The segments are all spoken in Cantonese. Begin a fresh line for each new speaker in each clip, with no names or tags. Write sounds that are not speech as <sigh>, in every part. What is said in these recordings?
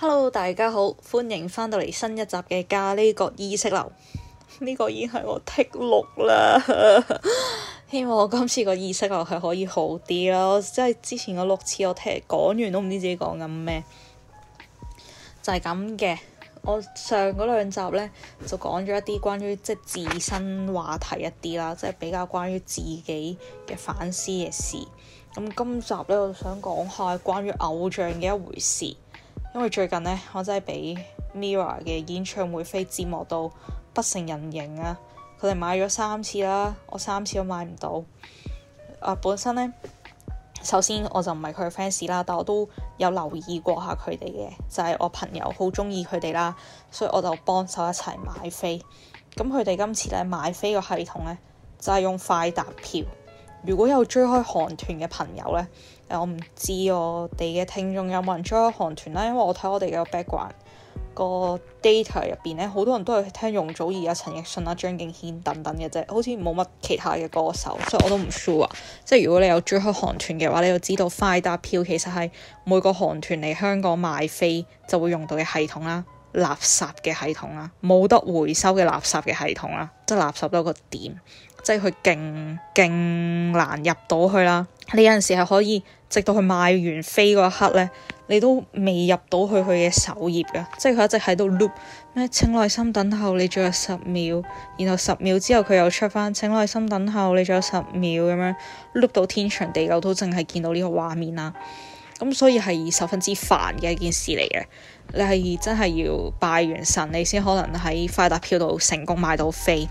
Hello，大家好，歡迎返到嚟新一集嘅咖喱角意識流。呢 <laughs> 個已經係我剔六啦， <laughs> 希望我今次個意識流係可以好啲咯。即係之前個六次我聽講完都唔知自己講緊咩，就係咁嘅。我上嗰兩集咧就講咗一啲關於即係自身話題一啲啦，即係比較關於自己嘅反思嘅事。咁今集咧，我想講下關於偶像嘅一回事。因為最近咧，我真係俾 Mira 嘅演唱會飛折磨到不成人形啊！佢哋買咗三次啦、啊，我三次都買唔到、啊。本身咧，首先我就唔係佢嘅 fans 啦，但我都有留意過下佢哋嘅，就係、是、我朋友好中意佢哋啦，所以我就幫手一齊買飛。咁佢哋今次咧買飛嘅系統咧，就係、是、用快達票。如果有追開韓團嘅朋友咧～我唔知我哋嘅聽眾有冇人追開韓團咧，因為我睇我哋嘅 background 個 data 入邊咧，好多人都係聽容祖兒啊、陳奕迅啊、張敬軒等等嘅啫，好似冇乜其他嘅歌手，所以我都唔 sure。即係如果你有追開韓團嘅話，你就知道快達票其實係每個韓團嚟香港買飛就會用到嘅系統啦，垃圾嘅系統啦，冇得回收嘅垃圾嘅系統啦，即係垃圾到個點，即係佢勁勁難入到去啦。你有陣時係可以直到佢賣完飛嗰一刻咧，你都未入到去佢嘅首頁嘅，即係佢一直喺度碌咩？請耐心等候，你仲有十秒，然後十秒之後佢又出翻。請耐心等候，你仲有十秒，咁樣碌到天長地久都淨係見到呢個畫面啦。咁所以係十分之煩嘅一件事嚟嘅。你係真係要拜完神，你先可能喺快達票度成功買到飛。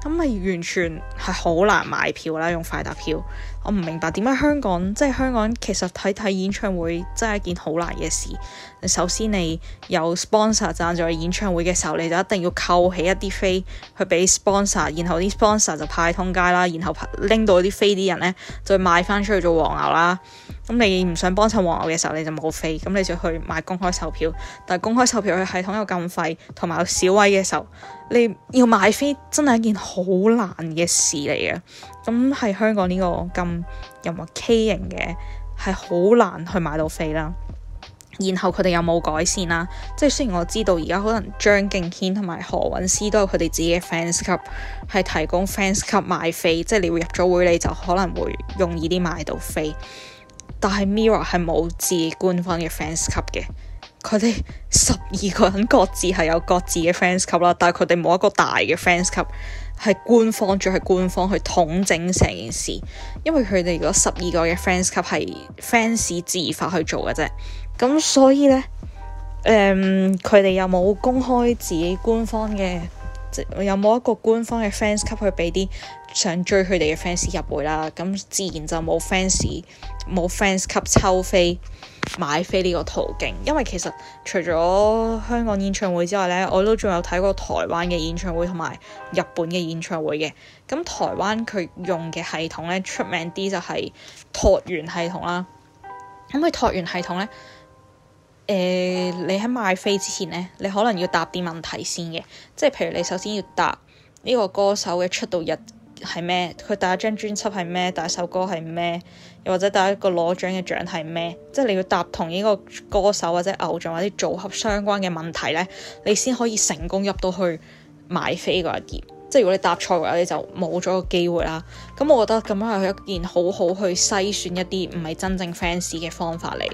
咁咪完全係好難買票啦，用快達票。我唔明白點解香港即係香港，香港其實睇睇演唱會真係一件好難嘅事。首先你有 sponsor 贊助演唱會嘅時候，你就一定要扣起一啲飛去俾 sponsor，然後啲 sponsor 就派通街啦，然後拎到啲飛啲人呢，再賣翻出去做黃牛啦。咁你唔想幫襯黃牛嘅時候，你就冇飛，咁你就去買公開售票。但係公開售票嘅系統又咁廢，同埋有，有少位嘅時候，你要買飛真係一件好難嘅事嚟嘅。咁係香港呢個咁。有冇、嗯、K 型嘅係好難去買到飛啦，然後佢哋有冇改善啦？即係雖然我知道而家可能張敬軒同埋何韻詩都有佢哋自己嘅 fans club，係提供 fans club 買飛，即係你會入咗會你就可能會容易啲買到飛。但係 Mirror 係冇自己官方嘅 fans club 嘅，佢哋十二個人各自係有各自嘅 fans club 啦，但係佢哋冇一個大嘅 fans club 係官方，仲係官方去統整成件事，因為佢哋如果十二個嘅 fans 級係 fans 自發去做嘅啫，咁所以咧，誒、嗯，佢哋又冇公開自己官方嘅。有冇一個官方嘅 fans 級去俾啲想追佢哋嘅 fans 入會啦？咁自然就冇 fans 冇 fans 級抽飛買飛呢個途徑，因為其實除咗香港演唱會之外呢，我都仲有睇過台灣嘅演唱會同埋日本嘅演唱會嘅。咁台灣佢用嘅系統呢，出名啲就係橢圓系統啦。咁佢橢圓系統呢？誒，uh, 你喺買飛之前呢，你可能要答啲問題先嘅，即係譬如你首先要答呢個歌手嘅出道日係咩，佢第一張專輯係咩，第一首歌係咩，又或者第一個攞獎嘅獎係咩，即係你要答同呢個歌手或者偶像或者組合相關嘅問題呢，你先可以成功入到去買飛嗰一頁。即係如果你答錯嘅話，你就冇咗個機會啦。咁我覺得咁樣係一件好好去篩選一啲唔係真正 fans 嘅方法嚟。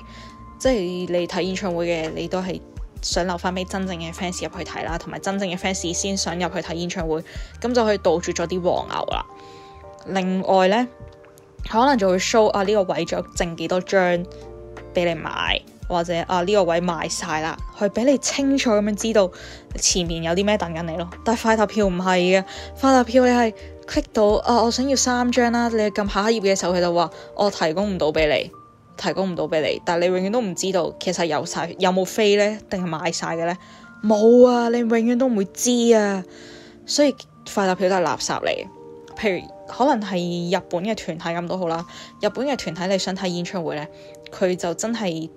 即係你睇演唱會嘅，你都係想留翻俾真正嘅 fans 入去睇啦，同埋真正嘅 fans 先想入去睇演唱會，咁就可以堵住咗啲黃牛啦。另外咧，可能就會 show 啊呢個位仲剩幾多張俾你買，或者啊呢個位賣晒啦，去俾你清楚咁樣知道前面有啲咩等緊你咯。但係快投票唔係嘅，快投票你係 click 到啊我想要三張啦，你撳下下頁嘅時候，佢就話我提供唔到俾你。提供唔到俾你，但係你永遠都唔知道，其實有晒，有冇飛呢？定係賣晒嘅呢？冇啊！你永遠都唔會知啊，所以快樂票都係垃圾嚟。譬如可能係日本嘅團體咁都好啦，日本嘅團體你想睇演唱會呢，佢就真係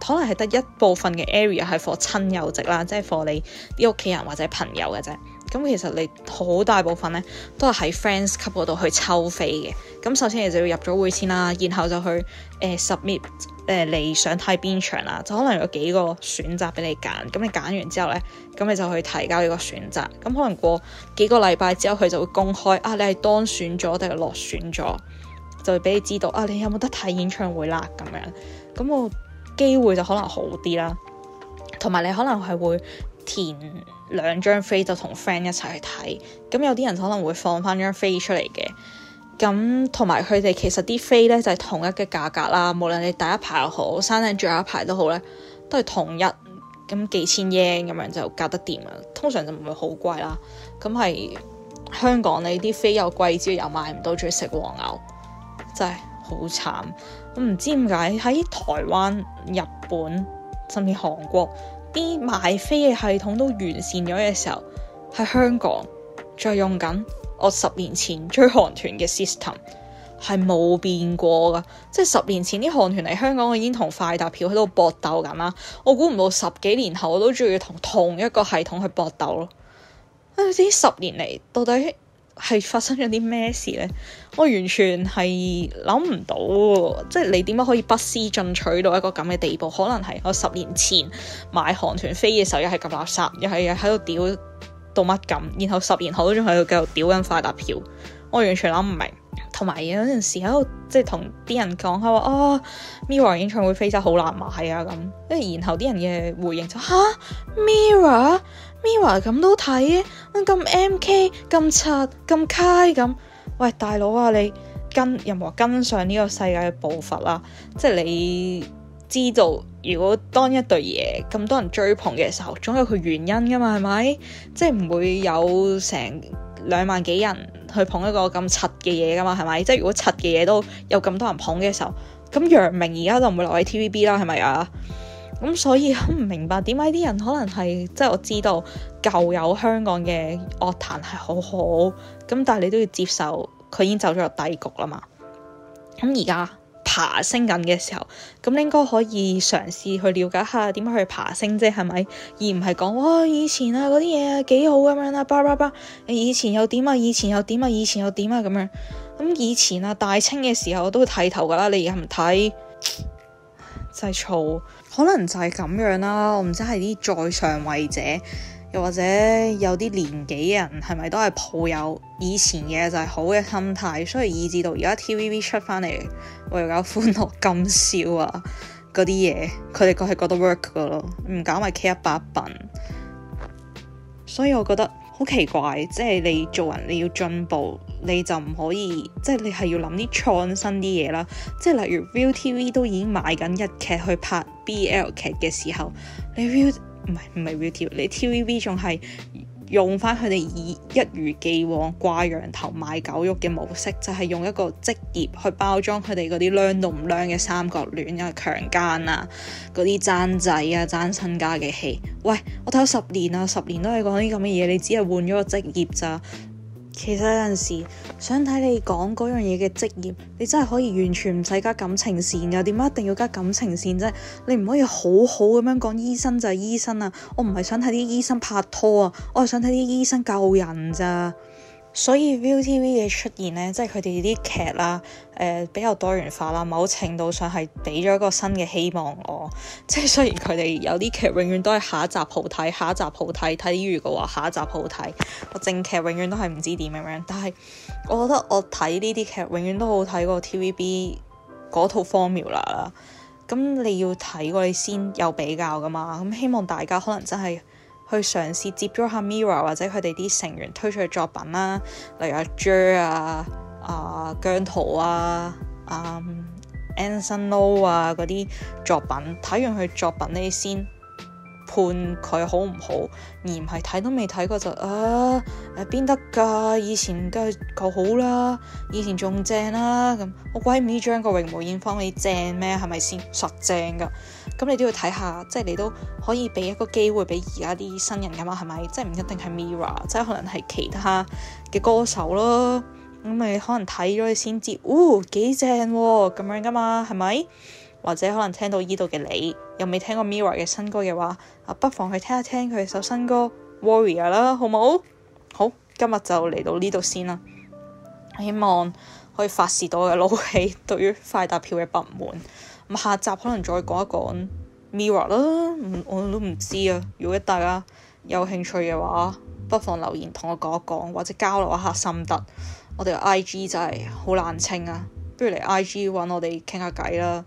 可能係得一部分嘅 area 係 for 親友席啦，即係 for 你啲屋企人或者朋友嘅啫。咁其實你好大部分咧，都係喺 Friends Club 嗰度去抽飛嘅。咁首先你就要入咗會先啦，然後就去誒、呃、submit 誒、呃、你想睇邊場啦。就可能有幾個選擇俾你揀，咁你揀完之後咧，咁你就去提交呢個選擇。咁可能過幾個禮拜之後，佢就會公開啊，你係當選咗定係落選咗，就會俾你知道啊，你有冇得睇演唱會啦咁樣。咁我機會就可能好啲啦，同埋你可能係會填。兩張飛就同 friend 一齊去睇，咁有啲人可能會放翻張飛出嚟嘅，咁同埋佢哋其實啲飛呢，就係統一嘅價格啦，無論你第一排又好，山頂最後一排都好呢，都係同一咁幾千日圓咁樣就搞得掂啦，通常就唔會好貴啦。咁係香港你啲飛又貴，之又買唔到，仲要食黃牛，真係好慘。咁唔知點解喺台灣、日本甚至韓國，啲賣飛嘅系統都完善咗嘅時候，喺香港再用緊我十年前追韓團嘅 system 係冇變過噶，即係十年前啲韓團嚟香港，我已經同快達票喺度搏鬥咁啦。我估唔到十幾年後，我都仲要同同一個系統去搏鬥咯。呢十年嚟到底？係發生咗啲咩事呢？我完全係諗唔到喎！即係你點解可以不思進取到一個咁嘅地步？可能係我十年前買航團飛嘅時候，又係咁垃圾，又係喺度屌到乜咁，然後十年後都仲喺度繼續屌緊快達票，我完全諗唔明。同埋有陣時喺度即係同啲人講，佢話哦，Mirror 演唱會飛出好難買啊咁，跟住然後啲人嘅回應就吓，Mirror，Mirror 咁都睇，喂咁 MK 咁柒咁 K，咁，喂大佬啊，你跟有冇跟上呢個世界嘅步伐啦？即係你知道，如果當一對嘢咁多人追捧嘅時候，總有佢原因㗎嘛，係咪？即係唔會有成兩萬幾人。去捧一個咁柒嘅嘢噶嘛，係咪？即係如果柒嘅嘢都有咁多人捧嘅時候，咁楊明而家就唔會留喺 TVB 啦，係咪啊？咁所以我唔明白點解啲人可能係，即係我知道舊有香港嘅樂壇係好好，咁但係你都要接受佢已經走咗入低谷啦嘛。咁而家，爬升緊嘅時候，咁你應該可以嘗試去了解下點樣去爬升啫，係咪？而唔係講哇，以前啊嗰啲嘢啊幾好咁樣啊，叭叭叭，以前又點啊？以前又點啊？以前又點啊？咁樣。咁以前啊大清嘅時候我都會剃頭噶啦，你而家唔睇？真係嘈， <coughs> 就是、可能就係咁樣啦。我唔知係啲在上位者。又或者有啲年紀嘅人，係咪都係抱有以前嘢就係好嘅心態，所以以至到而家 TVB 出翻嚟我又搞歡樂今宵啊嗰啲嘢，佢哋確係覺得 work 嘅咯，唔搞咪 K 一百品。所以我覺得好奇怪，即係你做人你要進步，你就唔可以，即係你係要諗啲創新啲嘢啦。即係例如 ViuTV 都已經買緊一劇去拍 BL 劇嘅時候，你 Viu。唔係唔係 ViuTV，你 TVB 仲係用翻佢哋以一如既往掛羊頭賣狗肉嘅模式，就係、是、用一個職業去包裝佢哋嗰啲靚唔靚嘅三角戀啊、強姦啊、嗰啲爭仔啊、爭身家嘅戲。喂，我睇咗十年啊，十年都係講啲咁嘅嘢，你只係換咗個職業咋？其實有陣時想睇你講嗰樣嘢嘅職業，你真係可以完全唔使加感情線噶，點解一定要加感情線啫？你唔可以好好咁樣講醫生就係醫生啊，我唔係想睇啲醫生拍拖啊，我係想睇啲醫生救人咋啊。所以 ViuTV 嘅出現呢，即係佢哋啲劇啦，誒、呃、比較多元化啦，某程度上係俾咗一個新嘅希望我。即係雖然佢哋有啲劇永遠都係下一集好睇，下一集好睇，睇如果話下一集好睇，個正劇永遠都係唔知點咁樣、樣。但係我覺得我睇呢啲劇永遠都好睇過 TVB 嗰套 Formula 啦。咁你要睇過你先有比較噶嘛？咁希望大家可能真係～去嘗試接觸下 Mirror 或者佢哋啲成員推出嘅作品啦，例如阿 Jer、er、啊、啊姜濤啊、um, 啊，啊、啊 Anson Lo 啊嗰啲作品，睇完佢作品呢，先判佢好唔好，而唔係睇都未睇過就啊誒邊得㗎？以前都係夠好啦，以前仲正啦、啊、咁，我鬼唔知張國榮梅艷芳，你正咩？係咪先實正㗎？咁你都要睇下，即係你都可以俾一個機會俾而家啲新人噶嘛，係咪？即係唔一定係 Mirror 即係可能係其他嘅歌手咯。咁你可能睇咗先知，哦幾正喎、啊，咁樣噶嘛，係咪？或者可能聽到依度嘅你又未聽過 Mirror 嘅新歌嘅話，啊不妨去聽一聽佢首新歌 Warrior 啦，好冇？好，今日就嚟到呢度先啦。希望可以發洩到嘅怒氣對於快達票嘅不滿。咁下集可能再講一講 Mirror 啦，我都唔知啊。如果大家有興趣嘅話，不妨留言同我講一講，或者交流一下心得。我哋 I G 就係好冷清啊，不如嚟 I G 揾我哋傾下偈啦，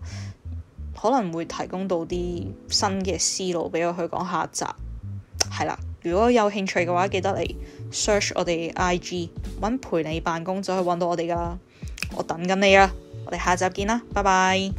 可能會提供到啲新嘅思路畀我去講下集。係啦，如果有興趣嘅話，記得嚟 search 我哋 I G 揾陪你辦公就可以揾到我哋噶啦。我等緊你啊，我哋下集見啦，拜拜。